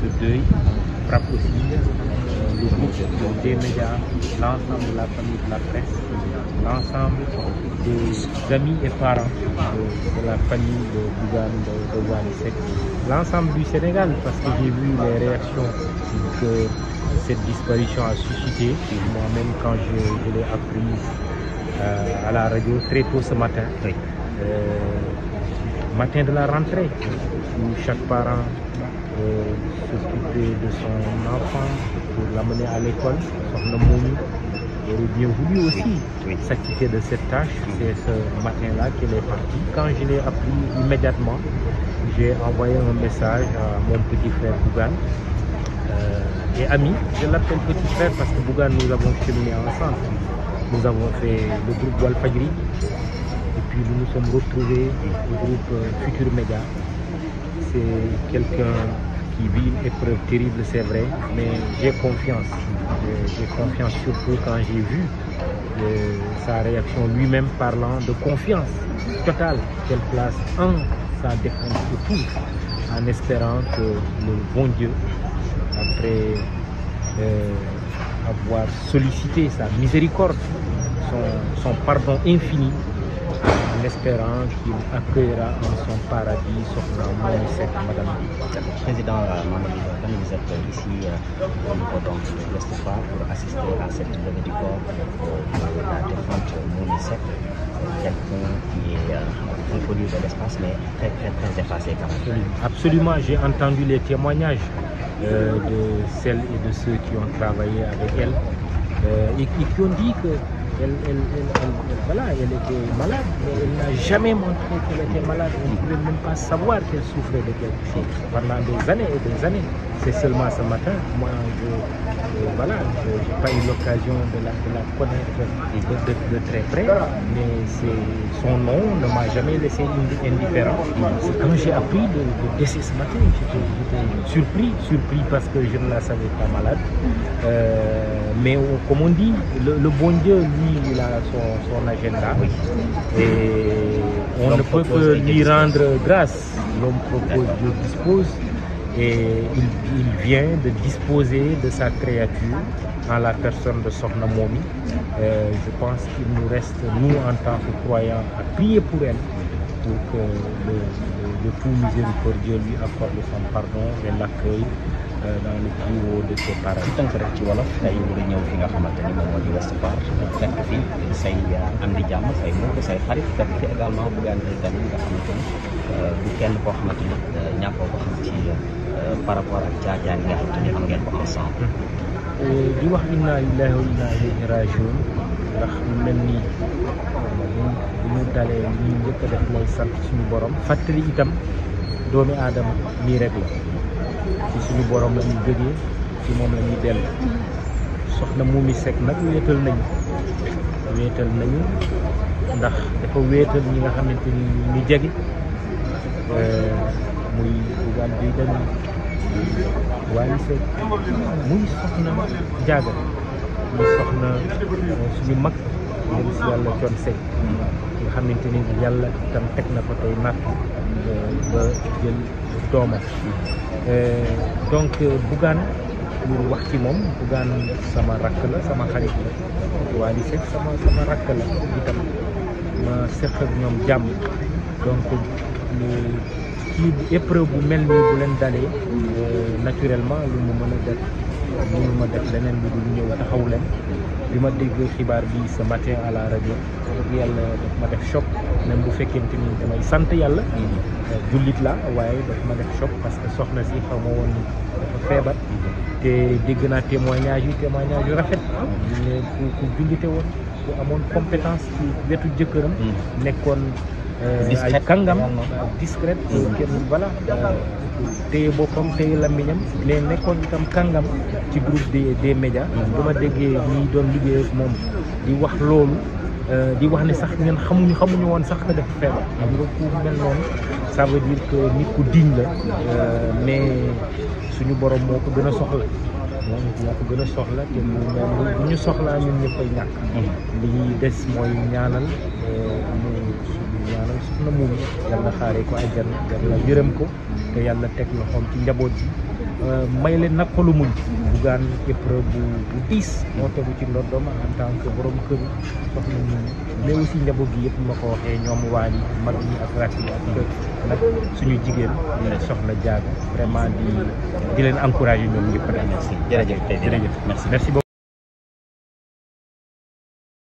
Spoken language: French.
ce deuil frappe des médias, l'ensemble de la famille de la presse, l'ensemble des amis et parents de, la famille de Bougan, de, de l'ensemble du Sénégal, parce que j'ai vu les réactions que cette disparition a suscité. Moi-même, quand je, l'ai appris euh, à la radio très tôt ce matin, euh, matin de la rentrée, où chaque parent euh, de son enfant pour l'amener à l'école. nom. il J'aurais bien voulu aussi s'acquitter de cette tâche. C'est ce matin-là qu'elle est partie. Quand je l'ai appris immédiatement, j'ai envoyé un message à mon petit frère Bougan euh, et ami. Je l'appelle petit frère parce que Bougan, nous avons cheminé ensemble. Nous avons fait le groupe Walfagri et puis nous nous sommes retrouvés au groupe euh, Futur Média. C'est quelqu'un épreuve terrible, c'est vrai, mais j'ai confiance. J'ai confiance surtout quand j'ai vu euh, sa réaction lui-même parlant de confiance totale qu'elle place en sa défense de tout, en espérant que le bon Dieu, après euh, avoir sollicité sa miséricorde, son pardon infini, en espérant qu'il accueillera en son paradis son de madame. Président Madame, euh, Madame, vous êtes euh, ici euh, au de pour assister à cette levée du corps de la défunte Momy quelqu'un qui est inconnu de l'espace mais très très très effacé Absolument, j'ai entendu les témoignages de celles et de ceux qui ont travaillé avec elle et qui ont dit que elle, voilà, elle était malade, mais elle n'a jamais montré qu'elle était malade. On ne pouvait même pas savoir qu'elle souffrait de quelque chose pendant des années et des années. C'est seulement ce matin, moi, je, voilà, n'ai pas eu l'occasion de, la, connaître de, très près, mais son nom ne m'a jamais laissé indifférent. Quand j'ai appris de décès ce matin, j'étais surpris, surpris parce que je ne la savais pas malade. Euh, mais oh, comme on dit, le, bon Dieu, lui, il a son, agenda. Et on ne peut que lui rendre grâce. L'homme propose, Dieu dispose. Et il, vient de disposer de sa créature en la personne de son Momi. Euh, je pense qu'il nous reste, nous en tant que croyants, à prier pour elle, pour que le, le tout miséricordieux lui accorde son pardon et l'accueille dans le bureau de ses parents. Donc, c'est un peu de temps. Il y a eu un peu de temps. Il y a eu un peu de temps. Il y a eu un peu de temps. Il y a eu un peu de temps. Il y a eu un peu de temps. Il y a eu un peu de temps. Il y Par rapport à la vie, il y a eu un peu de temps. Il y a eu un peu de temps. Il y a mel ni bu ñu dalee ñu ñëpp def may sant suñu borom fàttali itam doomi aadama mi rek la ci suñu borom la ñu jëgé ci mom la ñu soxna mumi sek nak wétal nañ wétal nañ ndax dafa wétal ñi nga xamanteni ñu jëgé euh muy bugal bi dañ jaga muy soxna suñu mag ñu ci yalla ci on sek nga xamanteni yalla jël doom ak ci donc bugan mu sama rak la sama xarit la wali sama sama rak la itam ma sekk ak ñom jamm ni ki épreuve bu melni bu len dalé naturellement lu mu mëna def lu mu mëna def bi ma déggee xibaar bi ce matin à la rajo dëgg yàlla daf ma def choc même bu fekkente ni damay sant yàlla euh, jullit la waaye daf ma def choc parce que soxna si xaw ma woon dafa feebar te dégg naa témoignage yi témoignage yu rafet ne ku ku jullite woon ku amoon compétence fi wetu jëkkëram mm. nekkoon Euh, discret kàngam discret euh, kenn voilà téye boppam téye làmmiñam mais nekkoon itam kàngam ci groupe des des médias mm-hmm. bu ma déggee ñi doon liggéey moom di wax loolu euh, di wax ne sax ñun xamuñu xamuñu woon sax na dafa feebar xam mm-hmm. nga ku mel noonu ça veut dire que nit ku digne la mais suñu borom moo ko gën a soxla moom moo ko gën a soxla te bu ñu soxlaa ñun ñëppay ñàkk mm-hmm. li des mooy ñaanal na moom yàlla xaaree ko ajjan yàlla yërëm ko te yàlla teg na xom ci njaboot bi may leen naqalu muñ bu gaan épreuve bu diis moo tegu ci ndoddoom en tant que borom kër sox na ñu mais aussi njabo gi yëpp ma ko waxee ñoom mag ñi ak rat ak kër nag suñu jigéen soxna jaag vraiment di di leen encouragé ñoom ñëpp rek merci jërëjëf jërëjëf merci merci